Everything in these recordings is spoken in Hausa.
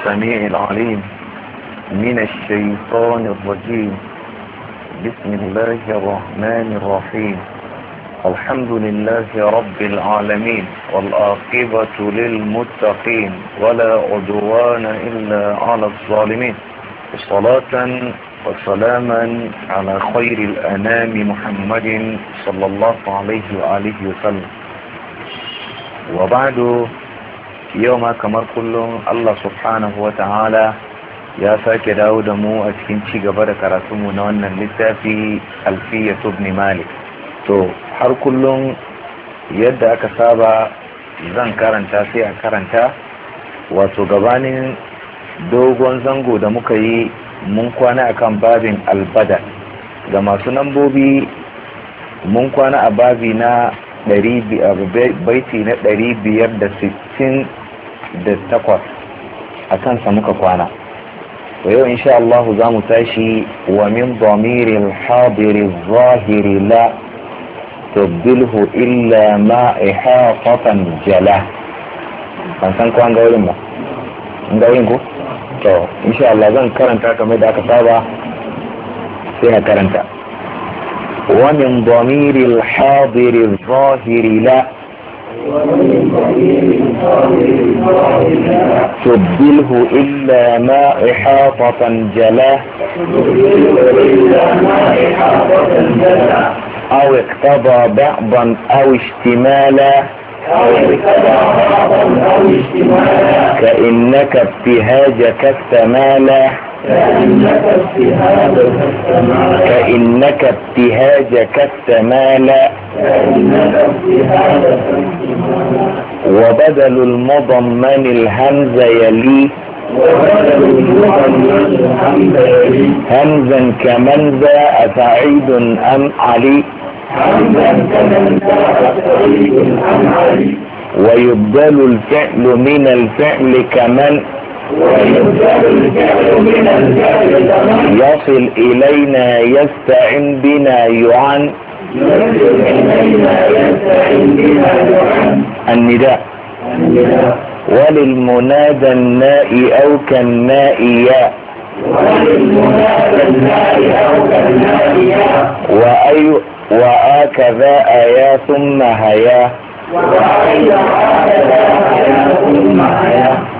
السميع العليم من الشيطان الرجيم بسم الله الرحمن الرحيم الحمد لله رب العالمين والآقبة للمتقين ولا عدوان إلا على الظالمين صلاة وسلاما على خير الأنام محمد صلى الله عليه وآله وسلم وبعد yau ma kamar kullum Allah subhanahu wa ta'ala ya sake dawo da mu a cikin ci gaba da karatunmu na wannan littafi alfiya tubni mali. to har kullum yadda aka saba zan karanta sai a karanta wato gabanin dogon zango da muka yi mun kwana a kan babin albada ga masu nambobi mun kwana a babi na baiti na ɗari biyar da sittin da takwas a kansa muka kwana wa yau insha Allah za mu tashi wa min damirin hadiri zahiri la tabbilhu illa ma ihaqatan jala ban san ko an ga wurin ba an ga wurin ko to insha Allah zan karanta kamar da aka saba sai na karanta wa ومن ضمير الحاضر الظاهر la. تبدله إلا ما إحاطة جلاه أو اقتضى بعضا أو اشتمالا كإنك ابتهاجك استمالا فإنك ابتهاجك السماء وبدل المضمن الهمزة يلي همزا كمنزا أسعيد أم علي ويبدل الفعل من الفعل كمن يصل إلينا يستعن بنا يعن النداء وللمنادى الناء أو كالناء ياء وأي وآكذا آيا ثم هيا وآكذا آيا ثم هيا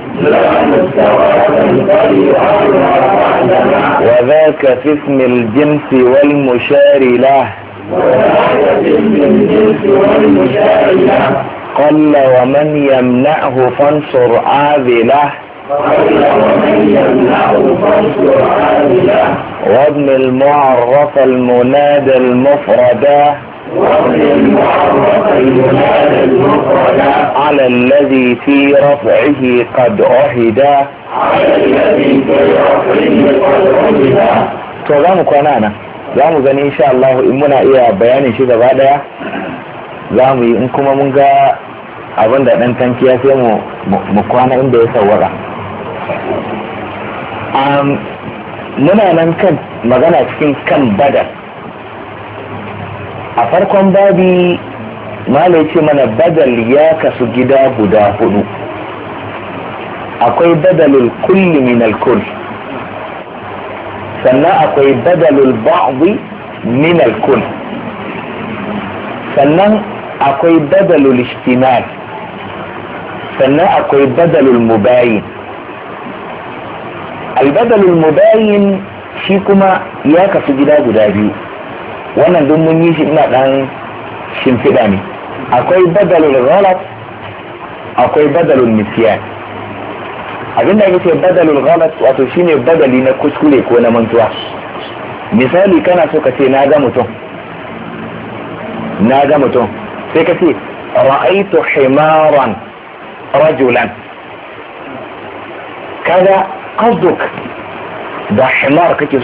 وذاك في اسم الجنس والمشار له قل ومن يمنعه فانصر عاذله وابن المعرف المنادى المفردة وابن المعرف المنادى على الذي في رفعه قد عهدا على to za mu kwana nan za mu gani insha Allah in muna iya bayanin shi gaba daya za mu yi in kuma mun ga abin da tanki ya sai mu kwana inda ya sawwara muna nan kan magana cikin kan badar a farkon babi mala ya ce mana badal ya kasu gida guda hudu akwai badalul kulli min alkul sannan akwai badalul ba'dhi min alkul sannan akwai badalul ishtimal sannan akwai badalul mubayin albadalul mubayin shi kuma ya kasu gida guda biyu wannan duk mun yi shi ina dan shimfiɗa ne akwai badalul ghalat akwai badalul nisyan abin da yake badalul ghalat wato shine badali na kuskure ko na mantuwa misali kana so ka ce na ga mutum na ga mutum sai ka ce ra'aitu himaran rajulan kaga qasduk da himar kake